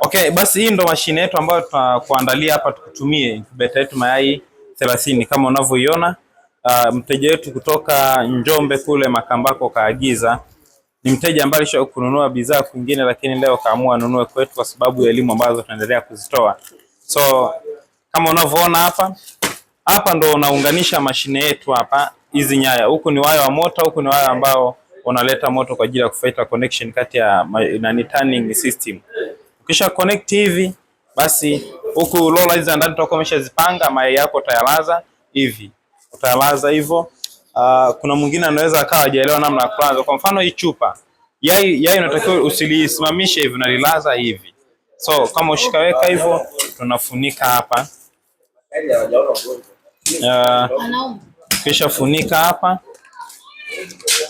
Okay, basi hii ndo mashine yetu ambayo tunakuandalia hapa tukutumie incubator yetu mayai 30 kama unavyoiona. Uh, mteja wetu kutoka Njombe kule Makambako kaagiza. Ni mteja ambaye alishawahi kununua bidhaa kwingine, lakini leo kaamua anunue kwetu kwa sababu ya elimu ambazo tunaendelea kuzitoa. So kama unavyoona hapa, hapa ndo unaunganisha mashine yetu hapa, hizi nyaya. Huku ni waya wa moto, huku ni waya ambao unaleta moto kwa ajili ya kufaita connection kati ya nani turning system. Ukisha connect hivi basi, huku lola hizi ndani tutakuwa umeshazipanga mayai yako, utayalaza hivi, utayalaza hivyo. Uh, kuna mwingine anaweza akawa hajaelewa namna ya kulaza. Kwa mfano hii chupa yai, yai unatakiwa usilisimamishe hivi, unalilaza hivi. So kama ushikaweka hivyo, tunafunika hapa uh, kisha funika hapa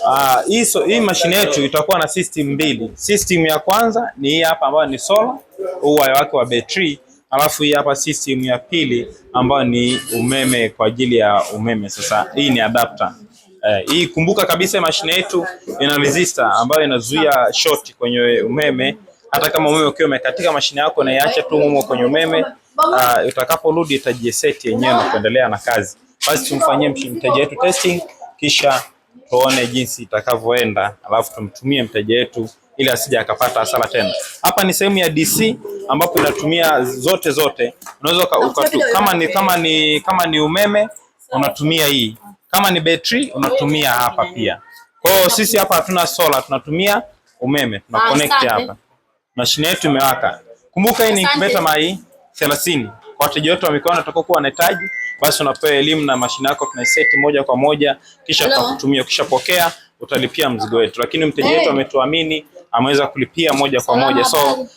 Ah, hii uh, so, hii mashine yetu itakuwa na system mbili. System ya kwanza ni hii hapa ambayo ni solar uwaya wake wa betri, alafu hii hapa system ya pili ambayo ni umeme kwa ajili ya umeme. Sasa hii ni adapter. Eh, hii kumbuka kabisa mashine yetu ina resistor ambayo inazuia short kwenye umeme. Hata kama umeme ukiwa umekatika, mashine yako na inaiacha tu mumo kwenye umeme. Uh, utakaporudi itajiseti yenyewe na kuendelea na kazi. Basi tumfanyie mteja wetu testing kisha tuone jinsi itakavyoenda, alafu tumtumie mteja wetu ili asije akapata hasara tena. Hapa ni sehemu ya DC ambapo inatumia zote zote, unaweza kama ni, kama ni, kama ni umeme unatumia hii, kama ni betri unatumia hapa pia. Kwa hiyo sisi hapa hatuna sola, tunatumia umeme, tuna connect hapa. Mashine yetu imewaka. Kumbuka hii ni incubator mai 30 kwa wateja wetu wa wanataka kuwa wanahitaji, basi unapewa elimu na mashine yako tunaiseti moja kwa moja, kisha tutakutumia, ukishapokea pokea, utalipia mzigo wetu. Lakini mteja wetu hey, ametuamini ameweza kulipia moja kwa moja so